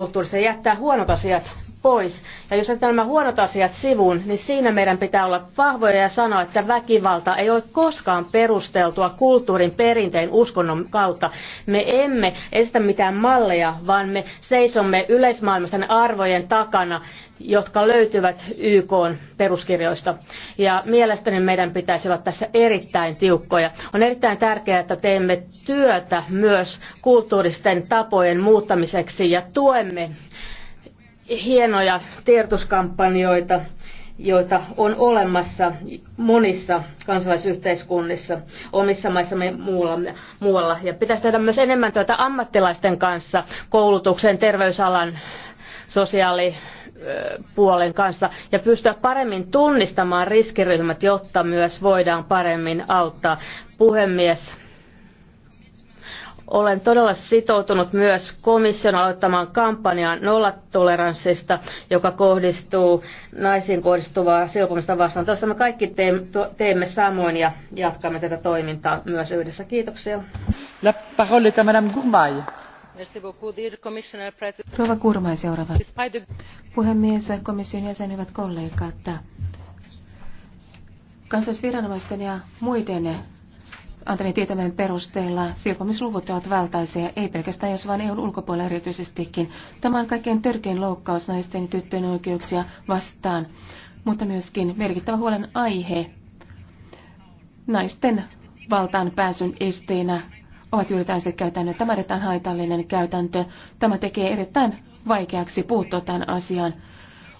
kulttuurista jättää huonot asiat pois. Ja jos jätetään nämä huonot asiat sivuun, niin siinä meidän pitää olla vahvoja ja sanoa, että väkivalta ei ole koskaan perusteltua kulttuurin, perinteen, uskonnon kautta. Me emme esitä mitään malleja, vaan me seisomme yleismaailmasta arvojen takana, jotka löytyvät YK peruskirjoista. Ja mielestäni meidän pitäisi olla tässä erittäin tiukkoja. On erittäin tärkeää, että teemme työtä myös kulttuuristen tapojen muuttamiseksi ja tuemme hienoja tiedotuskampanjoita, joita on olemassa monissa kansalaisyhteiskunnissa, omissa maissamme muualla, muualla. Ja pitäisi tehdä myös enemmän työtä ammattilaisten kanssa, koulutuksen, terveysalan, sosiaali puolen kanssa ja pystyä paremmin tunnistamaan riskiryhmät, jotta myös voidaan paremmin auttaa. Puhemies, olen todella sitoutunut myös komission aloittamaan kampanjaan nollatoleranssista, joka kohdistuu naisiin kohdistuvaa silpomista vastaan. Tästä me kaikki teemme samoin ja jatkamme tätä toimintaa myös yhdessä. Kiitoksia. La parole est à Madame Gourmay. Rouva Kurmai seuraava. Puhemies, komission jäsen, hyvät kollegat. Kansallisviranomaisten ja muiden antamien tietämään perusteella silpomisluvut ovat valtaisia, ei pelkästään jos vain EUn ulkopuolella erityisestikin. Tämä on kaikkein törkein loukkaus naisten ja tyttöjen oikeuksia vastaan, mutta myöskin merkittävä huolen aihe naisten valtaan pääsyn esteenä ovat juuri tällaiset käytännöt. Tämä on erittäin haitallinen käytäntö. Tämä tekee erittäin vaikeaksi puuttua tämän asian.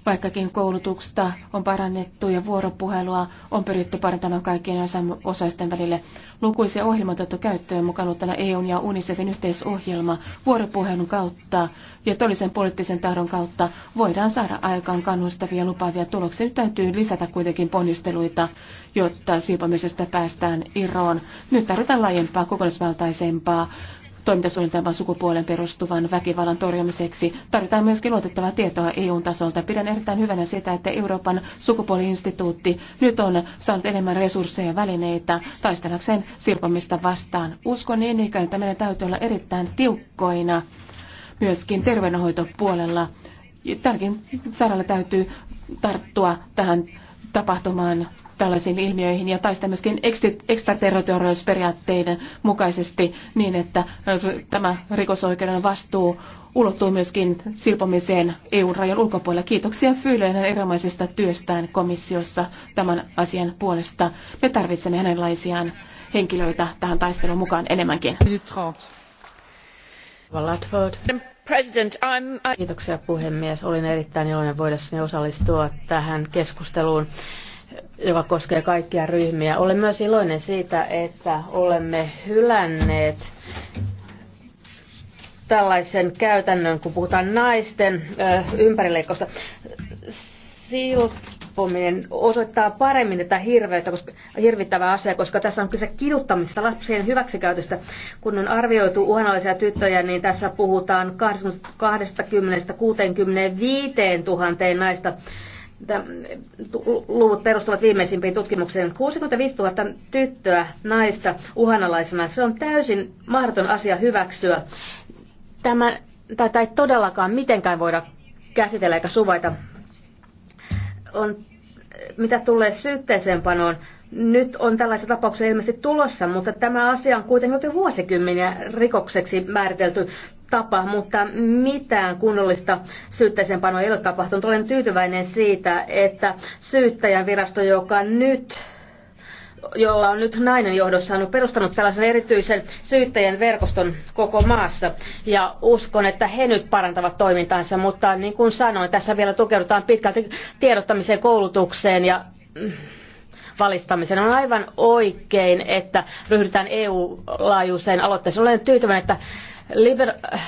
Vaikkakin koulutuksesta on parannettu ja vuoropuhelua on pyritty parantamaan kaikkien osaisten välille. Lukuisia ohjelmat on otettu käyttöön mukaan ottana EUn ja UNICEFin yhteisohjelma vuoropuhelun kautta ja todellisen poliittisen tahdon kautta voidaan saada aikaan kannustavia lupaavia tuloksia. Nyt täytyy lisätä kuitenkin ponnisteluita, jotta siipomisesta päästään eroon. Nyt tarvitaan laajempaa, kokonaisvaltaisempaa toimintasuunnitelman sukupuolen perustuvan väkivallan torjumiseksi. Tarvitaan myöskin luotettavaa tietoa EU-tasolta. Pidän erittäin hyvänä sitä, että Euroopan sukupuoliinstituutti nyt on saanut enemmän resursseja ja välineitä taistelakseen silpomista vastaan. Uskon niin ikään, että meidän täytyy olla erittäin tiukkoina myöskin terveydenhoitopuolella. Tälläkin saralla täytyy tarttua tähän tapahtumaan tällaisiin ilmiöihin ja taistaa myöskin ekstraterritoriallisuusperiaatteiden mukaisesti niin, että tämä rikosoikeuden vastuu ulottuu myöskin silpomiseen EU-rajan ulkopuolella. Kiitoksia fyyleinen erämaisesta työstään komissiossa tämän asian puolesta. Me tarvitsemme hänenlaisiaan henkilöitä tähän taisteluun mukaan enemmänkin. Kiitoksia puhemies. Olin erittäin iloinen voidessani osallistua tähän keskusteluun joka koskee kaikkia ryhmiä. Olen myös iloinen siitä, että olemme hylänneet tällaisen käytännön, kun puhutaan naisten ympärileikkausta. Silti tappominen osoittaa paremmin tätä hirveitä, koska, hirvittävää asiaa, koska tässä on kyse kiduttamisesta, lapsien hyväksikäytöstä. Kun on arvioitu uhanalaisia tyttöjä, niin tässä puhutaan 20-65 tuhanteen naista. Luvut perustuvat viimeisimpiin tutkimukseen. 65 000 tyttöä, naista uhanalaisena. Se on täysin mahdoton asia hyväksyä. Tämä, tai, ei todellakaan mitenkään voida käsitellä eikä suvaita on, mitä tulee syytteeseenpanoon, nyt on tällaisia tapauksia ilmeisesti tulossa, mutta tämä asia on kuitenkin jo vuosikymmeniä rikokseksi määritelty tapa, mutta mitään kunnollista syytteeseenpanoa ei ole tapahtunut. Olen tyytyväinen siitä, että syyttäjän virasto, joka nyt jolla on nyt nainen johdossa, on perustanut tällaisen erityisen syyttäjän verkoston koko maassa. Ja uskon, että he nyt parantavat toimintaansa, mutta niin kuin sanoin, tässä vielä tukeudutaan pitkälti tiedottamiseen, koulutukseen ja mm, valistamiseen. On aivan oikein, että ryhdytään EU-laajuiseen aloitteeseen. Olen tyytyväinen, että liber-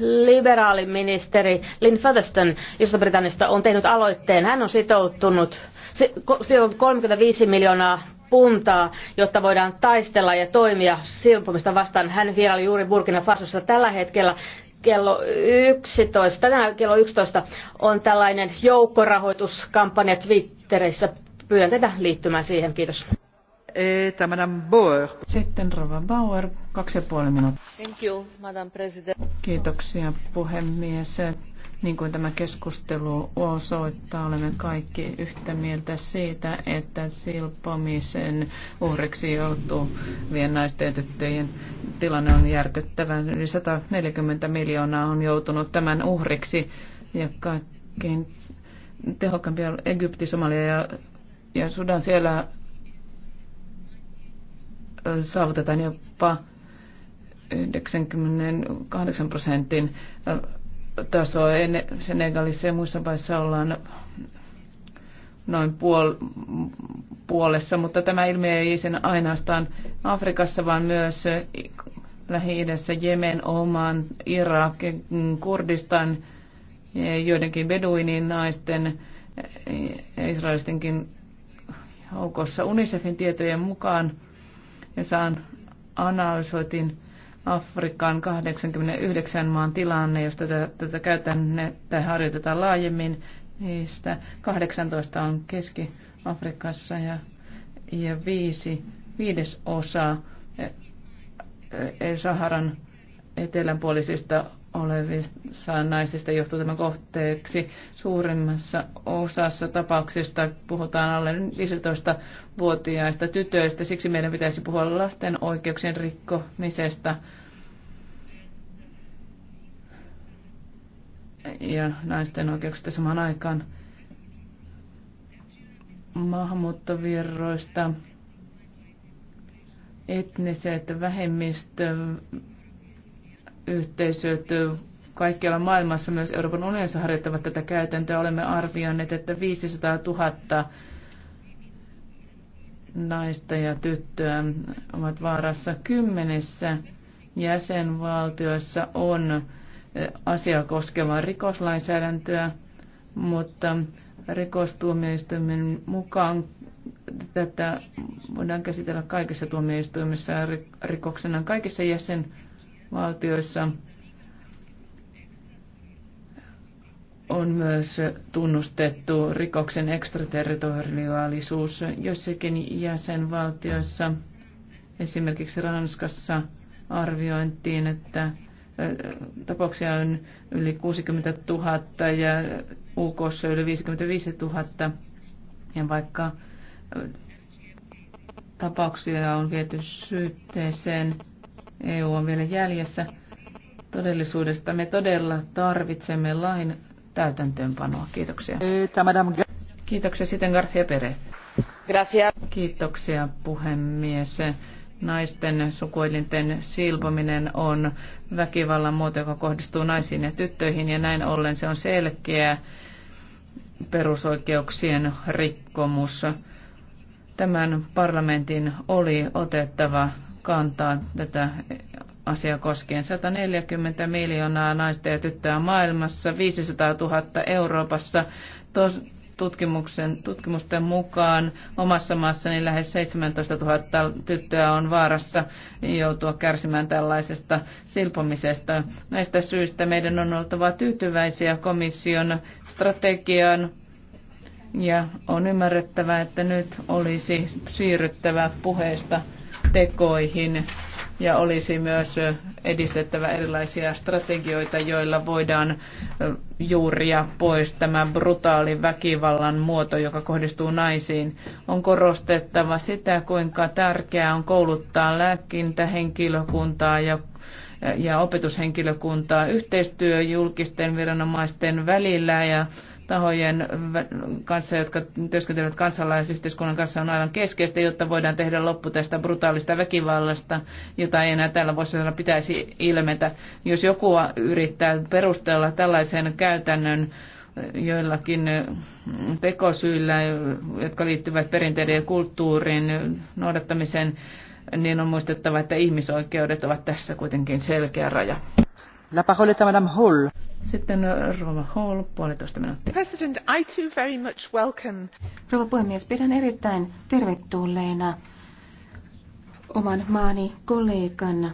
liberaaliministeri Lynn Featherston Iso-Britannista on tehnyt aloitteen. Hän on sitoutunut, sitoutunut 35 miljoonaa puntaa, jotta voidaan taistella ja toimia silpomista vastaan. Hän vieraili juuri Burkina Fasossa tällä hetkellä kello 11, tänään kello 11 on tällainen joukkorahoituskampanja Twitterissä. Pyydän teitä liittymään siihen. Kiitos. Sitten Rova Bauer, kaksi ja puoli minuuttia. Thank you, Madam President. Kiitoksia puhemies. Niin kuin tämä keskustelu osoittaa, olemme kaikki yhtä mieltä siitä, että silpomisen uhreksi joutuvien naisten tyttöjen tilanne on järkyttävä. Yli 140 miljoonaa on joutunut tämän uhriksi ja kaikkein tehokkaampia Egypti, Somalia ja, ja Sudan siellä saavutetaan jopa 98 prosentin tasoa. Senegalissa ja muissa paissa ollaan noin puol- puolessa, mutta tämä ilmiö ei sen ainoastaan Afrikassa, vaan myös Lähi-idässä, Jemen, Oman, Irak, Kurdistan, joidenkin beduinin naisten, israelistenkin joukossa. UNICEFin tietojen mukaan, ja saan analysoitin Afrikan 89 maan tilanne, jos tätä, tätä käytännettä harjoitetaan laajemmin. Niistä 18 on Keski-Afrikassa ja, ja viisi, viides osa e- e- Saharan etelänpuolisista olevista naisista johtuu tämän kohteeksi. Suurimmassa osassa tapauksista puhutaan alle 15-vuotiaista tytöistä, siksi meidän pitäisi puhua lasten oikeuksien rikkomisesta ja naisten oikeuksista samaan aikaan maahanmuuttovirroista etniset vähemmistö yhteisöt kaikkialla maailmassa, myös Euroopan unionissa harjoittavat tätä käytäntöä. Olemme arvioineet, että 500 000 naista ja tyttöä ovat vaarassa kymmenessä jäsenvaltioissa on asiaa koskevaa rikoslainsäädäntöä, mutta rikostuomioistuimen mukaan tätä voidaan käsitellä kaikissa tuomioistuimissa rikoksena kaikissa jäsen valtioissa on myös tunnustettu rikoksen ekstraterritoriaalisuus joissakin jäsenvaltioissa. Esimerkiksi Ranskassa arviointiin, että tapauksia on yli 60 000 ja UKssa yli 55 000. Ja vaikka tapauksia on viety syytteeseen, EU on vielä jäljessä todellisuudesta. Me todella tarvitsemme lain täytäntöönpanoa. Kiitoksia. Kiitoksia sitten Garcia Perez. Kiitoksia puhemies. Naisten sukuelinten silpominen on väkivallan muoto, joka kohdistuu naisiin ja tyttöihin ja näin ollen se on selkeä perusoikeuksien rikkomus. Tämän parlamentin oli otettava kantaa tätä asiaa koskien. 140 miljoonaa naista ja tyttöä maailmassa, 500 000 Euroopassa. Tos, tutkimuksen, tutkimusten mukaan omassa maassani lähes 17 000 tyttöä on vaarassa joutua kärsimään tällaisesta silpomisesta. Näistä syistä meidän on oltava tyytyväisiä komission strategiaan ja on ymmärrettävä, että nyt olisi siirryttävä puheesta tekoihin ja olisi myös edistettävä erilaisia strategioita, joilla voidaan juuria pois tämä brutaali väkivallan muoto, joka kohdistuu naisiin. On korostettava sitä, kuinka tärkeää on kouluttaa lääkintähenkilökuntaa ja ja opetushenkilökuntaa yhteistyö julkisten viranomaisten välillä ja tahojen kanssa, jotka työskentelevät kansalaisyhteiskunnan kanssa, on aivan keskeistä, jotta voidaan tehdä loppu tästä brutaalista väkivallasta, jota ei enää voisi sanoa pitäisi ilmetä. Jos joku yrittää perustella tällaisen käytännön joillakin tekosyillä, jotka liittyvät perinteiden ja kulttuurin noudattamiseen, niin on muistettava, että ihmisoikeudet ovat tässä kuitenkin selkeä raja. La parole est à Madame Hall. Sitten äh, Rova Hall, puolitoista minuuttia. President, I too very much welcome. puhemies, pidän erittäin tervetulleena oman maani kollegan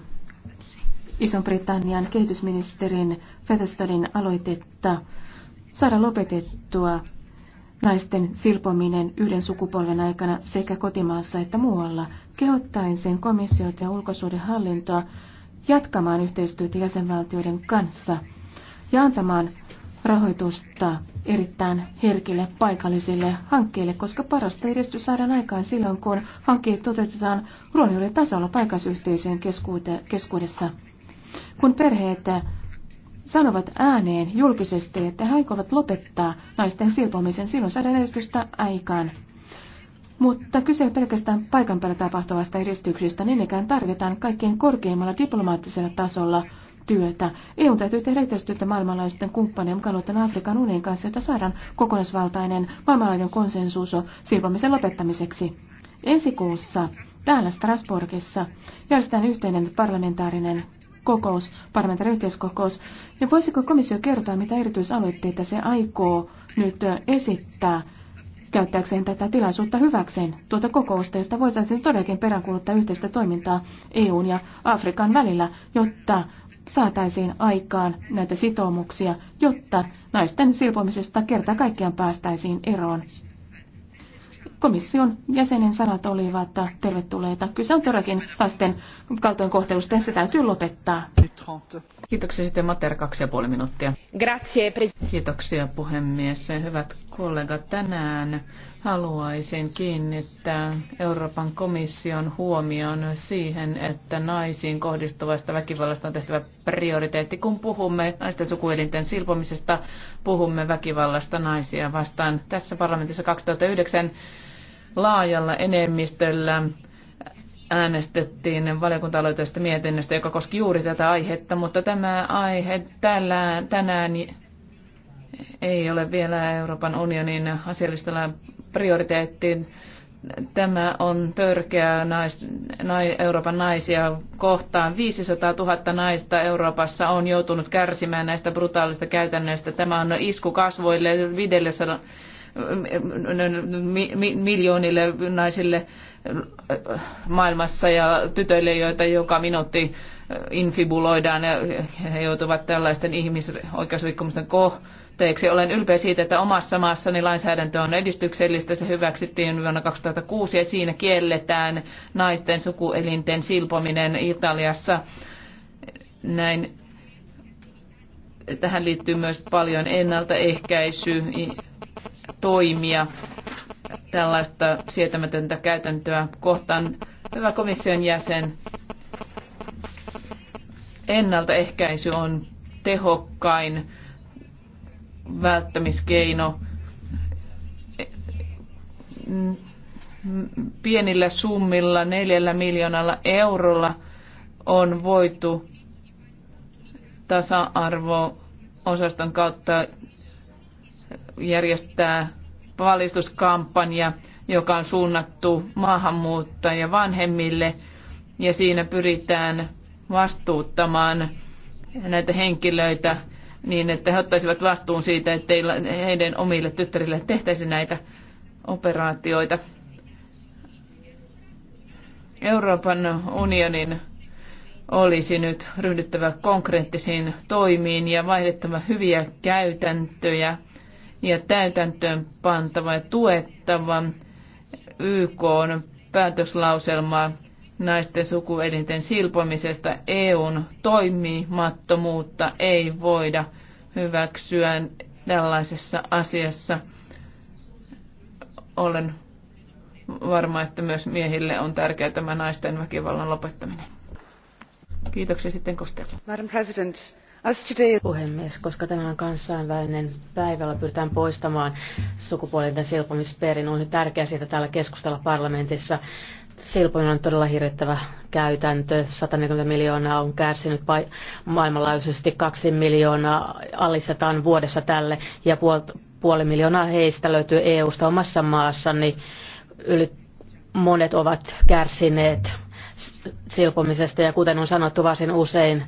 Ison-Britannian kehitysministerin Featherstonein aloitetta saada lopetettua naisten silpominen yhden sukupolven aikana sekä kotimaassa että muualla. Kehottaisin komissiota ja ulkosuudenhallintoa jatkamaan yhteistyötä jäsenvaltioiden kanssa ja antamaan rahoitusta erittäin herkille paikallisille hankkeille, koska parasta edistys saadaan aikaan silloin, kun hankkeet toteutetaan ruohonjuuren tasolla paikallisyhteisöjen keskuudessa. Kun perheet sanovat ääneen julkisesti, että he aikovat lopettaa naisten silpomisen, silloin saadaan edistystä aikaan. Mutta kyse on pelkästään paikan päällä tapahtuvasta edistyksestä, niin ikään tarvitaan kaikkein korkeimmalla diplomaattisella tasolla työtä. EU täytyy tehdä yhteistyötä maailmanlaajuisten kumppanien mukaan Afrikan unionin kanssa, jotta saadaan kokonaisvaltainen maailmanlaajuinen konsensus silpomisen lopettamiseksi. Ensi kuussa täällä Strasbourgissa järjestetään yhteinen parlamentaarinen kokous, parlamentaarinen yhteiskokous. Ja voisiko komissio kertoa, mitä erityisaloitteita se aikoo nyt esittää käyttääkseen tätä tilaisuutta hyväkseen tuota kokousta, jotta voitaisiin todellakin peräänkuuluttaa yhteistä toimintaa EUn ja Afrikan välillä, jotta saataisiin aikaan näitä sitoumuksia, jotta naisten silpomisesta kerta kaikkiaan päästäisiin eroon. Komission jäsenen sanat olivat tervetulleita. Kyse on todellakin lasten kaltoinkohtelusta ja se täytyy lopettaa. Kiitoksia sitten Mater, kaksi ja puoli minuuttia. Grazie, Kiitoksia puhemies. Hyvät kollegat, tänään haluaisin kiinnittää Euroopan komission huomion siihen, että naisiin kohdistuvasta väkivallasta on tehtävä prioriteetti. Kun puhumme naisten sukuelinten silpomisesta, puhumme väkivallasta naisia vastaan. Tässä parlamentissa 2009 laajalla enemmistöllä äänestettiin valiokunta mietinnöstä, joka koski juuri tätä aihetta, mutta tämä aihe tällä, tänään ei ole vielä Euroopan unionin asiallistella prioriteettiin Tämä on törkeä nais, nai, Euroopan naisia kohtaan. 500 000 naista Euroopassa on joutunut kärsimään näistä brutaalista käytännöistä. Tämä on isku kasvoille 500 miljoonille naisille maailmassa ja tytöille, joita joka minuutti infibuloidaan ja he joutuvat tällaisten ihmisoikeusrikkomusten kohteeksi. Olen ylpeä siitä, että omassa maassani lainsäädäntö on edistyksellistä. Se hyväksyttiin vuonna 2006 ja siinä kielletään naisten sukuelinten silpominen Italiassa. Näin. Tähän liittyy myös paljon ennaltaehkäisy toimia tällaista sietämätöntä käytäntöä kohtaan. Hyvä komission jäsen, ennaltaehkäisy on tehokkain välttämiskeino. Pienillä summilla, neljällä miljoonalla eurolla on voitu tasa-arvo-osaston kautta järjestää valistuskampanja, joka on suunnattu maahanmuuttajien vanhemmille ja siinä pyritään vastuuttamaan näitä henkilöitä niin, että he ottaisivat vastuun siitä, että heidän omille tyttärille tehtäisiin näitä operaatioita. Euroopan unionin olisi nyt ryhdyttävä konkreettisiin toimiin ja vaihdettava hyviä käytäntöjä ja täytäntöön pantava ja tuettava YK päätöslauselmaa naisten sukuelinten silpomisesta EUn toimimattomuutta ei voida hyväksyä tällaisessa asiassa. Olen varma, että myös miehille on tärkeää tämä naisten väkivallan lopettaminen. Kiitoksia sitten Kostella. Madam President, Puhemies, koska tänään on kansainvälinen päivällä pyritään poistamaan sukupuolinten silpomisperin, on nyt tärkeää siitä täällä keskustella parlamentissa. Silpominen on todella hirvittävä käytäntö. 140 miljoonaa on kärsinyt maailmanlaajuisesti, kaksi miljoonaa alistetaan vuodessa tälle ja puol- puoli miljoonaa heistä löytyy EU-sta omassa maassa, niin yli monet ovat kärsineet silpomisesta ja kuten on sanottu varsin usein,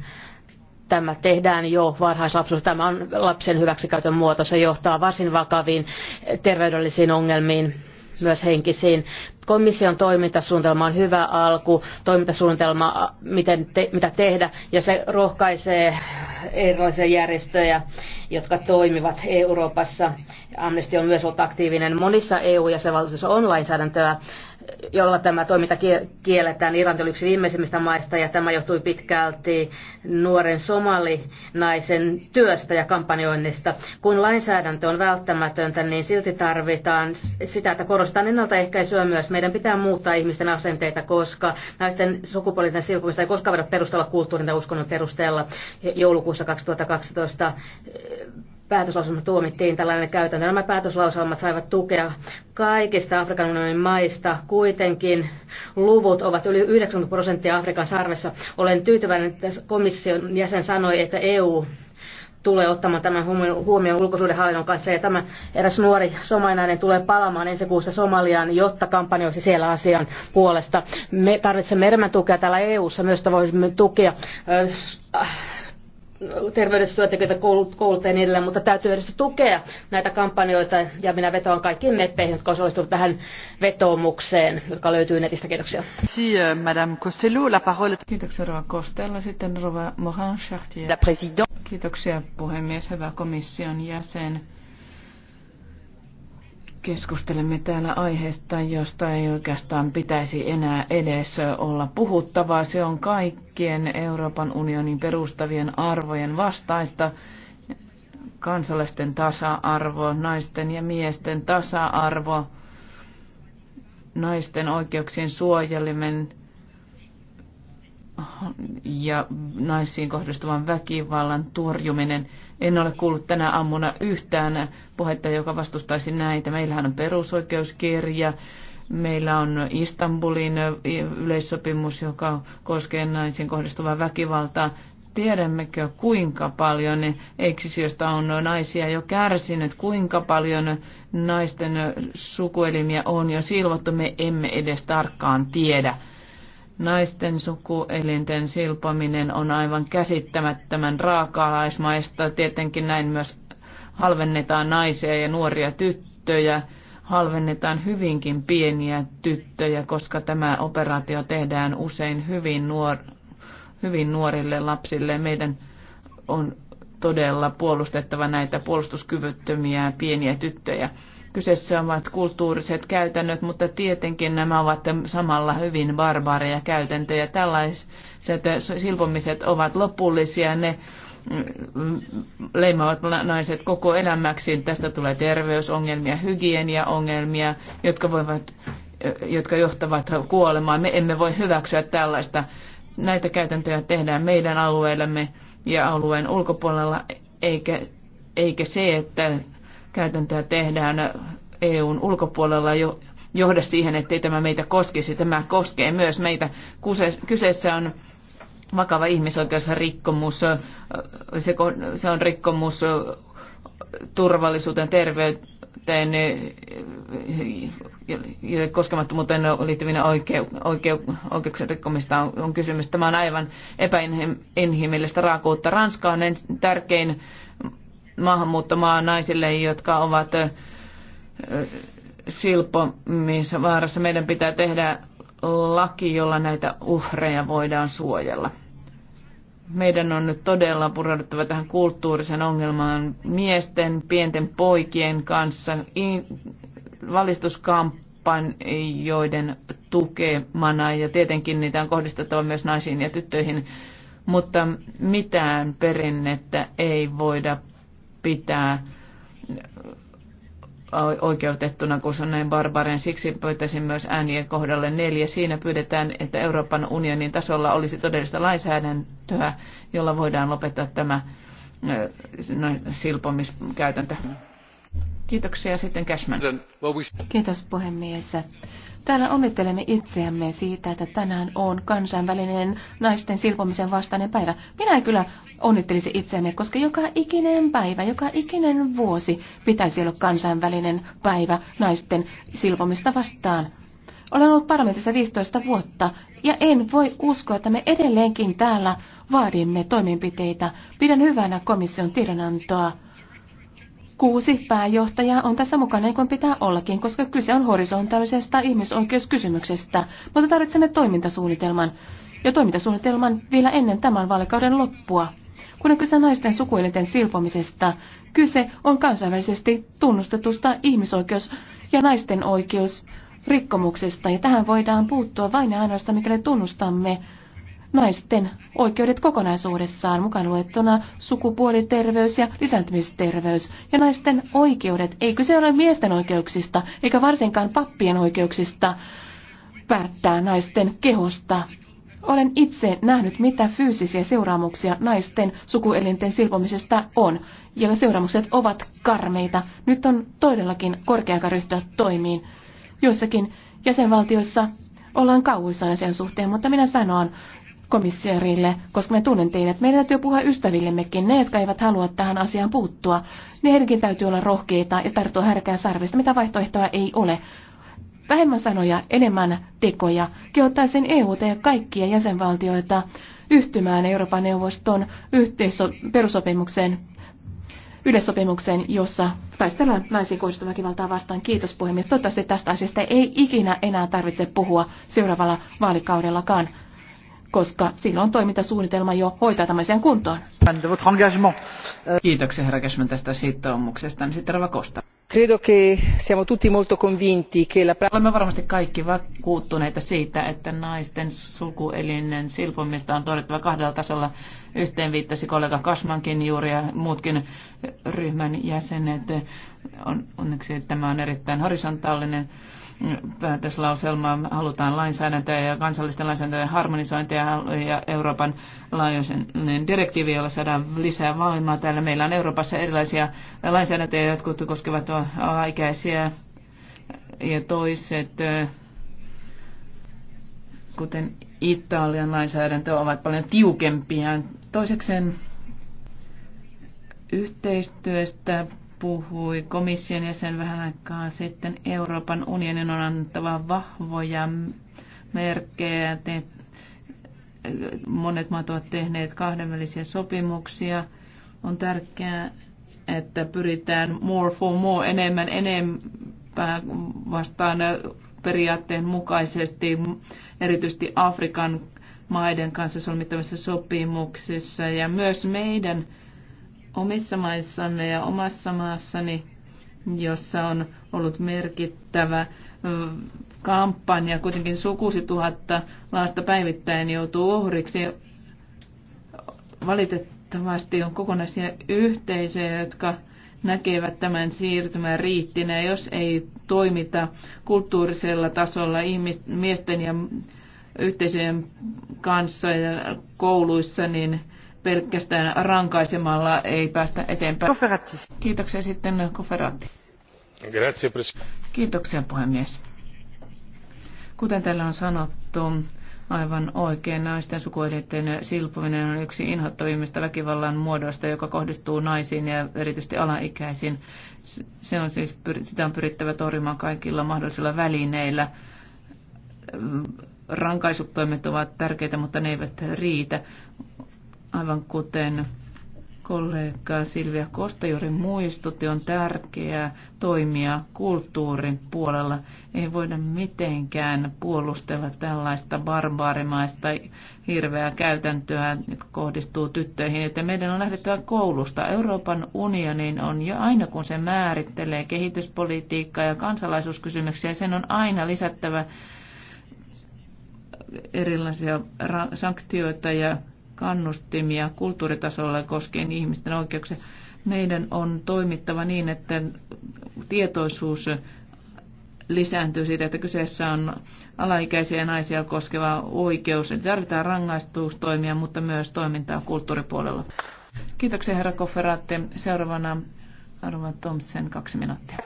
tämä tehdään jo varhaislapsuudessa. Tämä on lapsen hyväksikäytön muoto. Se johtaa varsin vakaviin terveydellisiin ongelmiin myös henkisiin. Komission toimintasuunnitelma on hyvä alku, toimintasuunnitelma, miten te, mitä tehdä, ja se rohkaisee erilaisia järjestöjä, jotka toimivat Euroopassa. Amnesty on myös ollut aktiivinen. Monissa EU-jäsenvaltioissa on lainsäädäntöä jolla tämä toiminta kielletään. Irlanti oli yksi viimeisimmistä maista ja tämä johtui pitkälti nuoren somalinaisen työstä ja kampanjoinnista. Kun lainsäädäntö on välttämätöntä, niin silti tarvitaan sitä, että korostetaan ennaltaehkäisyä myös. Meidän pitää muuttaa ihmisten asenteita, koska naisten sukupuolinen silpumista ei koskaan voida perustella kulttuurin tai uskonnon perusteella joulukuussa 2012 päätöslauselma tuomittiin tällainen käytäntö. Nämä päätöslauselmat saivat tukea kaikista Afrikan unionin maista. Kuitenkin luvut ovat yli 90 prosenttia Afrikan sarvessa. Olen tyytyväinen, että komission jäsen sanoi, että EU tulee ottamaan tämän huomioon ulkosuudenhallinnon kanssa. Ja tämä eräs nuori somainainen tulee palaamaan ensi kuussa Somaliaan, jotta kampanjoisi siellä asian puolesta. Me tarvitsemme enemmän tukea täällä EU-ssa, myös voisimme tukea terveydestyöntekijöitä, kouluttajia ja niin edelleen, mutta täytyy edes tukea näitä kampanjoita ja minä vetoan kaikkiin meppeihin, jotka osallistuvat tähän vetoomukseen, joka löytyy netistä. Kiitoksia. Si, euh, Madame Costello, la parole. Kiitoksia Rova Costello, sitten Rova Morin Chartier. Kiitoksia puhemies, hyvä komission jäsen. Keskustelemme täällä aiheesta, josta ei oikeastaan pitäisi enää edes olla puhuttavaa. Se on kaikkien Euroopan unionin perustavien arvojen vastaista. Kansalaisten tasa-arvo, naisten ja miesten tasa-arvo, naisten oikeuksien suojeleminen, ja naisiin kohdistuvan väkivallan torjuminen. En ole kuullut tänä aamuna yhtään puhetta, joka vastustaisi näitä. Meillähän on perusoikeuskirja, meillä on Istanbulin yleissopimus, joka koskee naisiin kohdistuvaa väkivaltaa. Tiedämmekö kuinka paljon eksisiosta on naisia jo kärsinyt, kuinka paljon naisten sukuelimiä on jo silvottu, me emme edes tarkkaan tiedä. Naisten sukuelinten silpominen on aivan käsittämättömän raakalaismaista. Tietenkin näin myös halvennetaan naisia ja nuoria tyttöjä. Halvennetaan hyvinkin pieniä tyttöjä, koska tämä operaatio tehdään usein hyvin, nuor- hyvin nuorille lapsille. Meidän on todella puolustettava näitä puolustuskyvyttömiä pieniä tyttöjä. Kyseessä ovat kulttuuriset käytännöt, mutta tietenkin nämä ovat samalla hyvin barbaareja käytäntöjä. Tällaiset silpomiset ovat lopullisia, ne mm, leimaavat naiset koko elämäksi. Tästä tulee terveysongelmia, hygieniaongelmia, jotka, voivat, jotka johtavat kuolemaan. Me emme voi hyväksyä tällaista. Näitä käytäntöjä tehdään meidän alueellamme ja alueen ulkopuolella, eikä, eikä se, että käytäntöä tehdään EUn ulkopuolella jo johda siihen, ettei tämä meitä koskisi. Tämä koskee myös meitä. Kyseessä on vakava ihmisoikeusrikkomus. Se, on rikkomus turvallisuuteen, terveyteen, koskemattomuuteen liittyvinä oikeu, oikeu, oikeuksien rikkomista on, on kysymys. Tämä on aivan epäinhimillistä raakuutta. Ranska on tärkein maahanmuuttomaa naisille, jotka ovat silpomissa vaarassa, Meidän pitää tehdä laki, jolla näitä uhreja voidaan suojella. Meidän on nyt todella pureuduttava tähän kulttuurisen ongelmaan miesten, pienten poikien kanssa, valistuskampanjoiden tukemana ja tietenkin niitä on kohdistettava myös naisiin ja tyttöihin, mutta mitään perinnettä ei voida pitää oikeutettuna, kun se on näin barbaren. Siksi pyytäisin myös äänien kohdalle neljä. Siinä pyydetään, että Euroopan unionin tasolla olisi todellista lainsäädäntöä, jolla voidaan lopettaa tämä no, silpomiskäytäntö. Kiitoksia sitten Cashman. Kiitos puhemies. Täällä onnittelemme itseämme siitä, että tänään on kansainvälinen naisten silpomisen vastainen päivä. Minä kyllä onnittelisi itseämme, koska joka ikinen päivä, joka ikinen vuosi pitäisi olla kansainvälinen päivä naisten silpomista vastaan. Olen ollut parlamentissa 15 vuotta ja en voi uskoa, että me edelleenkin täällä vaadimme toimenpiteitä. Pidän hyvänä komission tiedonantoa Kuusi pääjohtajaa on tässä mukana, niin kuin pitää ollakin, koska kyse on horisontaalisesta ihmisoikeuskysymyksestä, mutta tarvitsemme toimintasuunnitelman. Ja toimintasuunnitelman vielä ennen tämän vaalikauden loppua. Kun on kyse naisten sukuelinten silpomisesta, kyse on kansainvälisesti tunnustetusta ihmisoikeus- ja naisten oikeus rikkomuksesta, ja tähän voidaan puuttua vain ja ainoastaan, mikäli tunnustamme naisten oikeudet kokonaisuudessaan, mukaan luettuna sukupuoliterveys ja lisääntymisterveys, ja naisten oikeudet. Ei kyse ole miesten oikeuksista, eikä varsinkaan pappien oikeuksista päättää naisten kehosta. Olen itse nähnyt, mitä fyysisiä seuraamuksia naisten sukuelinten silpomisesta on, ja seuraamukset ovat karmeita. Nyt on todellakin korkea aika ryhtyä toimiin. Joissakin jäsenvaltioissa ollaan kauhuissaan sen suhteen, mutta minä sanon, komissiarille, koska me tunnen teidät. Meidän täytyy puhua ystävillemmekin, ne, jotka eivät halua tähän asiaan puuttua. Ne heidänkin täytyy olla rohkeita ja tarttua härkää sarvista, mitä vaihtoehtoa ei ole. Vähemmän sanoja, enemmän tekoja. Kehottaisin EUT ja kaikkia jäsenvaltioita yhtymään Euroopan neuvoston yhteiso- perusopimukseen yleissopimukseen, jossa taistellaan naisiin kohdistuvaa väkivaltaa vastaan. Kiitos puhemies. Toivottavasti tästä asiasta ei ikinä enää tarvitse puhua seuraavalla vaalikaudellakaan koska silloin toimintasuunnitelma jo hoitaa tämmöisen kuntoon. Euh, Kiitoksia herra Cashman tästä sitoumuksesta. Niin sitten Rava Kosta. Credo che siamo tutti molto convinti che la... Olemme varmasti kaikki vakuuttuneita siitä, että naisten sukuelinen silpomista on todettava kahdella tasolla. Yhteen viittasi kollega Kasmankin juuri ja muutkin ryhmän jäsenet. On, onneksi tämä on erittäin horisontaalinen päätöslauselmaa. Halutaan lainsäädäntöä ja kansallisten lainsäädäntöjen harmonisointia ja Euroopan laajuisen direktiivi, jolla saadaan lisää voimaa. Täällä meillä on Euroopassa erilaisia lainsäädäntöjä, jotkut koskevat alaikäisiä ja toiset, kuten Italian lainsäädäntö, ovat paljon tiukempia. Toisekseen yhteistyöstä puhui komission jäsen vähän aikaa sitten. Euroopan unionin on annettava vahvoja merkkejä. Te, monet maat ovat tehneet kahdenvälisiä sopimuksia. On tärkeää, että pyritään more for more, enemmän enempää vastaan periaatteen mukaisesti, erityisesti Afrikan maiden kanssa solmittavissa sopimuksissa ja myös meidän omissa maissamme ja omassa maassani, jossa on ollut merkittävä kampanja, kuitenkin sukusi tuhatta lasta päivittäin joutuu uhriksi. Valitettavasti on kokonaisia yhteisöjä, jotka näkevät tämän siirtymän riittinä, jos ei toimita kulttuurisella tasolla ihmisten miesten ja yhteisöjen kanssa ja kouluissa, niin pelkästään rankaisemalla ei päästä eteenpäin. Kiitoksia sitten Koferatti. Grazie, Kiitoksia puhemies. Kuten täällä on sanottu, aivan oikein naisten sukuelinten silpuminen on yksi inhottavimmista väkivallan muodoista, joka kohdistuu naisiin ja erityisesti alaikäisiin. Se on siis, sitä on pyrittävä torjumaan kaikilla mahdollisilla välineillä rankaisutoimet ovat tärkeitä, mutta ne eivät riitä. Aivan kuten kollega Silvia Kostajuri muistutti, on tärkeää toimia kulttuurin puolella. Ei voida mitenkään puolustella tällaista barbaarimaista hirveää käytäntöä, joka kohdistuu tyttöihin. Että meidän on lähdettävä koulusta. Euroopan unionin on jo aina, kun se määrittelee kehityspolitiikkaa ja kansalaisuuskysymyksiä, sen on aina lisättävä erilaisia sanktioita ja kannustimia kulttuuritasolla koskien ihmisten oikeuksia. Meidän on toimittava niin, että tietoisuus lisääntyy siitä, että kyseessä on alaikäisiä naisia koskeva oikeus. Eli tarvitaan rangaistustoimia, mutta myös toimintaa kulttuuripuolella. Kiitoksia herra Kofferaatte. Seuraavana Arva Thompson, kaksi minuuttia.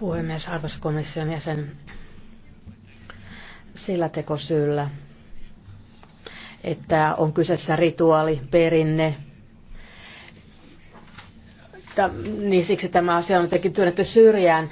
Puhemies, arvoisa komission jäsen, sillä tekosyyllä, että on kyseessä rituaali, perinne, niin siksi tämä asia on jotenkin työnnetty syrjään.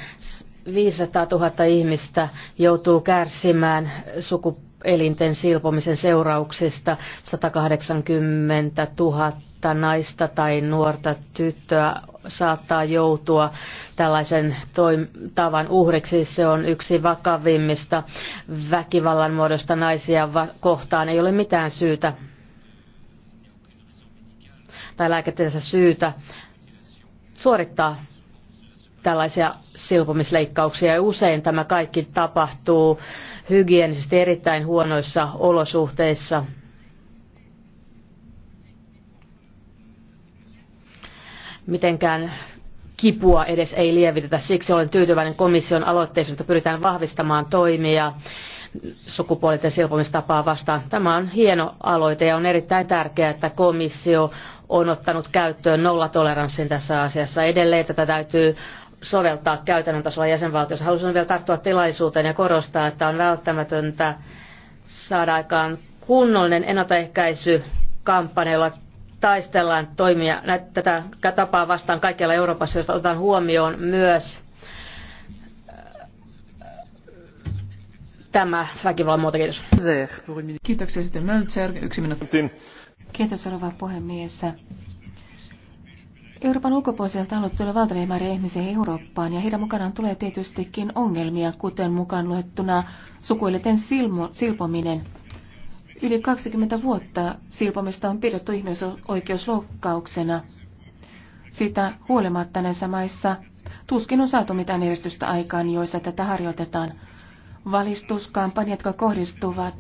500 000 ihmistä joutuu kärsimään sukupuolta elinten silpomisen seurauksista 180 000 että naista tai nuorta tyttöä saattaa joutua tällaisen toim- tavan uhriksi. Se on yksi vakavimmista väkivallan muodosta naisia kohtaan. Ei ole mitään syytä tai lääketieteellistä syytä suorittaa tällaisia silpomisleikkauksia. Ja usein tämä kaikki tapahtuu hygienisesti erittäin huonoissa olosuhteissa mitenkään kipua edes ei lievitetä. Siksi olen tyytyväinen komission aloitteeseen, että pyritään vahvistamaan toimia sukupuolten silpomistapaa vastaan. Tämä on hieno aloite ja on erittäin tärkeää, että komissio on ottanut käyttöön nollatoleranssin tässä asiassa. Edelleen tätä täytyy soveltaa käytännön tasolla jäsenvaltiossa. Haluaisin vielä tarttua tilaisuuteen ja korostaa, että on välttämätöntä saada aikaan kunnollinen ennaltaehkäisy kampanja, jolla taistellaan toimia tätä tapaa vastaan kaikkialla Euroopassa, jos otetaan huomioon myös äh, tämä väkivallan muoto. Kiitos. Kiitoksia sitten Möltser. Yksi minuutti. Kiitos rouva puhemies. Euroopan ulkopuolisilta alueilta tulee valtavia määriä ihmisiä Eurooppaan ja heidän mukanaan tulee tietystikin ongelmia, kuten mukaan luettuna sukuelinten silpominen Yli 20 vuotta silpomista on pidetty ihmisoikeusloukkauksena. Sitä huolimatta näissä maissa tuskin on saatu mitään edistystä aikaan, joissa tätä harjoitetaan. Valistuskampanjat, jotka kohdistuvat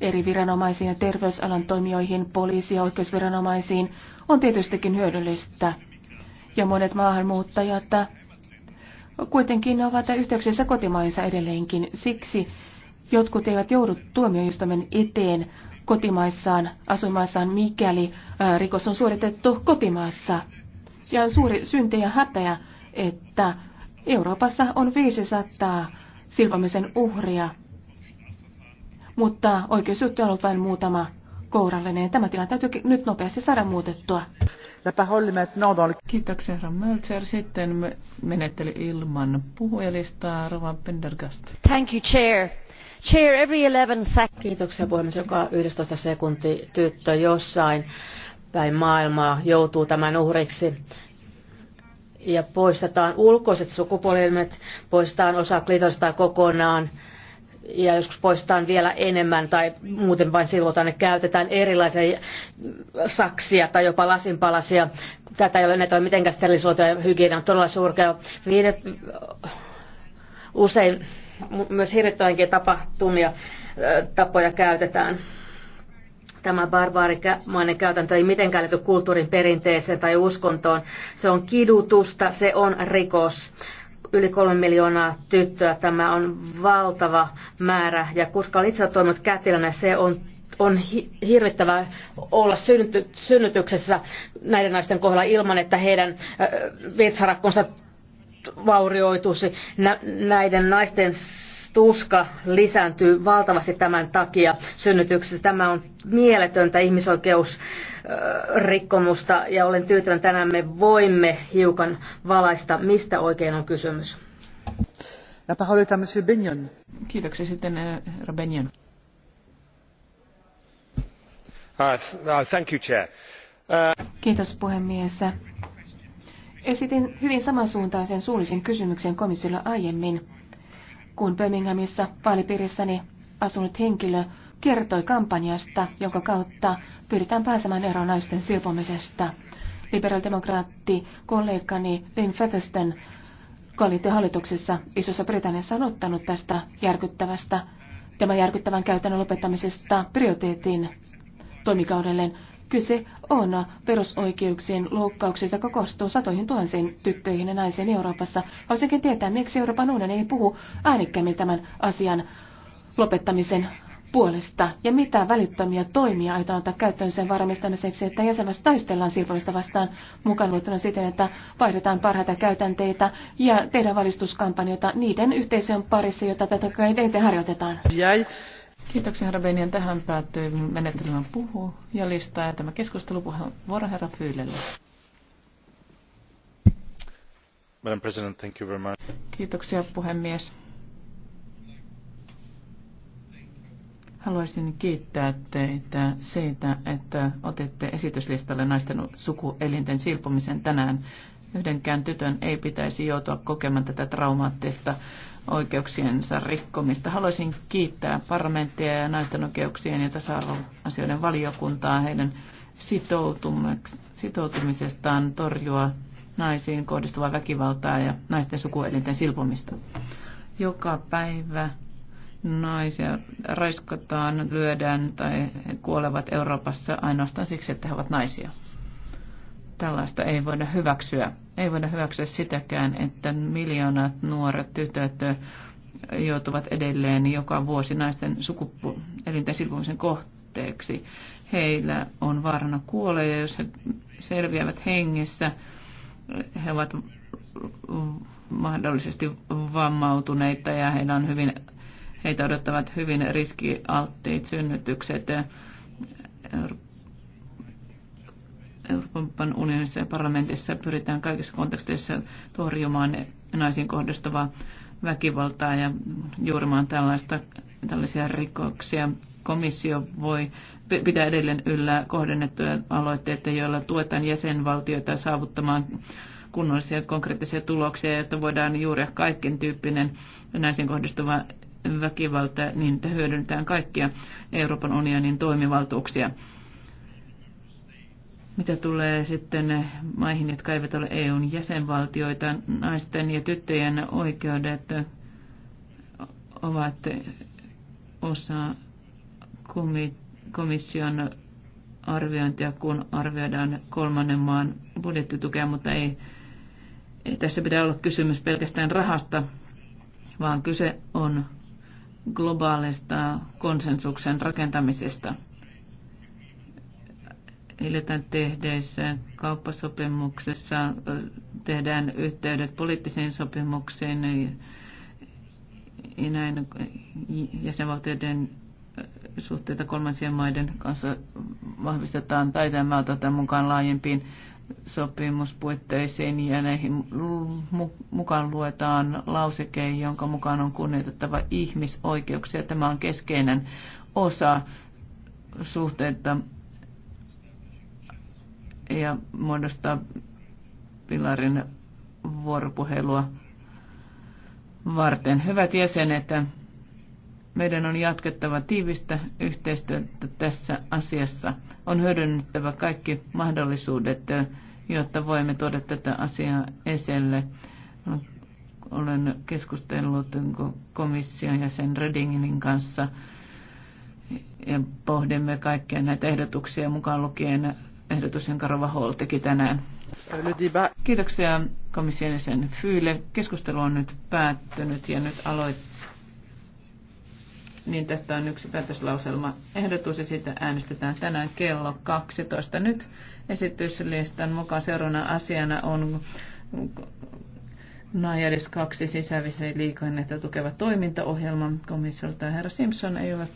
eri viranomaisiin ja terveysalan toimijoihin, poliisi- ja oikeusviranomaisiin, on tietystikin hyödyllistä. Ja monet maahanmuuttajat kuitenkin ovat yhteyksissä kotimaissa edelleenkin. Siksi Jotkut eivät joudu tuomioistuimen eteen kotimaissaan, asumaissaan, mikäli rikos on suoritettu kotimaassa. Ja on suuri synti ja häpeä, että Euroopassa on 500 silpomisen uhria, mutta oikeusjuttu on ollut vain muutama kourallinen. Tämä tilanne täytyy nyt nopeasti saada muutettua. La parole maintenant dans le... Kiitoksia, herra Mölzer. Sitten menettely ilman puhujalistaa, Rova Pendergast. Thank you, Chair. Chair, every 11 sec- Kiitoksia, puhemies. Joka 11 sekunti tyttö jossain päin maailmaa joutuu tämän uhriksi ja poistetaan ulkoiset sukupuolielimet, poistetaan osa klitorista kokonaan ja joskus poistetaan vielä enemmän tai muuten vain silvotaan, että käytetään erilaisia saksia tai jopa lasinpalasia. Tätä ei ole, näitä ole mitenkään sterilisoitu ja hygienia on todella surkea. Viidet, usein myös hirvittävänkin tapahtumia, tapoja käytetään tämä barbaarimainen käytäntö ei mitenkään liity kulttuurin perinteeseen tai uskontoon. Se on kidutusta, se on rikos yli kolme miljoonaa tyttöä. Tämä on valtava määrä. Ja koska olen itse toiminut kätilönä, se on on hirvittävää olla synnyty, synnytyksessä näiden naisten kohdalla ilman, että heidän äh, vitsarakkonsa vaurioituisi. Näiden naisten tuska lisääntyy valtavasti tämän takia synnytyksessä. Tämä on mieletöntä ihmisoikeusrikkomusta ja olen tyytyväinen tänään me voimme hiukan valaista, mistä oikein on kysymys. La parole est à monsieur Benyon. Kiitoksia sitten eh, herra Benyon. Ah, ah, thank you, chair. Uh, Kiitos puhemies. Esitin hyvin samansuuntaisen suullisen kysymyksen komissiolle aiemmin kun Birminghamissa vaalipiirissäni asunut henkilö kertoi kampanjasta, jonka kautta pyritään pääsemään eroon naisten silpomisesta. Liberaldemokraatti kollegani Lynn Featherston hallituksessa Isossa Britanniassa on ottanut tästä järkyttävästä, tämän järkyttävän käytännön lopettamisesta prioriteetin toimikaudelleen. Kyse on perusoikeuksien loukkauksista, joka koostuu satoihin tuhansiin tyttöihin ja naisiin Euroopassa. Haluaisinkin tietää, miksi Euroopan unioni ei puhu äänekkäämmin tämän asian lopettamisen puolesta ja mitä välittömiä toimia aiotaan ottaa käyttöön sen varmistamiseksi, että jäsenmässä taistellaan silpomista vastaan mukaan luettuna siten, että vaihdetaan parhaita käytänteitä ja tehdään valistuskampanjoita niiden yhteisön parissa, jota tätä kai harjoitetaan. Jäi. Kiitoksia, herra Benian. Tähän päättyy menetelmän puhu ja listaa. ja tämä vuoro herra Fyylelle. Madam President, thank you very much. Kiitoksia, puhemies. Haluaisin kiittää teitä siitä, että otitte esityslistalle naisten sukuelinten silpomisen tänään. Yhdenkään tytön ei pitäisi joutua kokemaan tätä traumaattista oikeuksiensa rikkomista. Haluaisin kiittää parlamenttia ja naisten oikeuksien ja tasa-arvoasioiden valiokuntaa heidän sitoutumisestaan torjua naisiin kohdistuvaa väkivaltaa ja naisten sukuelinten silpomista. Joka päivä naisia raiskataan, lyödään tai he kuolevat Euroopassa ainoastaan siksi, että he ovat naisia. Tällaista ei voida hyväksyä. Ei voida hyväksyä sitäkään, että miljoonat nuoret tytöt joutuvat edelleen joka vuosi naisten sukupu- elinten silpomisen kohteeksi. Heillä on vaarana kuolee, ja jos he selviävät hengissä, he ovat mahdollisesti vammautuneita ja heillä on hyvin, heitä odottavat hyvin riskialttiit synnytykset. Euroopan unionissa ja parlamentissa pyritään kaikissa konteksteissa torjumaan naisiin kohdistuvaa väkivaltaa ja juurimaan tällaista, tällaisia rikoksia. Komissio voi pitää edelleen yllä kohdennettuja aloitteita, joilla tuetaan jäsenvaltioita saavuttamaan kunnollisia konkreettisia tuloksia, jotta voidaan juuri kaiken tyyppinen naisiin kohdistuva väkivalta niin, että hyödynnetään kaikkia Euroopan unionin toimivaltuuksia. Mitä tulee sitten maihin, jotka eivät ole EUn jäsenvaltioita, naisten ja tyttöjen oikeudet ovat osa komission arviointia, kun arvioidaan kolmannen maan budjettitukea, mutta ei, ei tässä pidä olla kysymys pelkästään rahasta, vaan kyse on globaalista konsensuksen rakentamisesta hiljattain tehdessä, kauppasopimuksessa tehdään yhteydet poliittisiin sopimuksiin ja näin jäsenvaltioiden suhteita kolmansien maiden kanssa vahvistetaan tai tämä otetaan mukaan laajempiin sopimuspuitteisiin ja näihin mukaan luetaan lauseke, jonka mukaan on kunnioitettava ihmisoikeuksia. Tämä on keskeinen osa suhteita ja muodostaa pilarin vuoropuhelua varten. Hyvät jäsenet, meidän on jatkettava tiivistä yhteistyötä tässä asiassa. On hyödynnettävä kaikki mahdollisuudet, jotta voimme tuoda tätä asiaa esille. Olen keskustellut komission jäsen Redingin kanssa ja pohdimme kaikkia näitä ehdotuksia mukaan lukien ehdotus, jonka Rova Hall teki tänään. Kiitoksia komission sen Fyyle. Keskustelu on nyt päättynyt ja nyt aloit. Niin tästä on yksi päätöslauselma ehdotus ja siitä äänestetään tänään kello 12. Nyt esityslistan mukaan seuraavana asiana on Naiades 2 sisävisen liikennettä tukeva toimintaohjelma komissiolta. Herra Simpson ei ole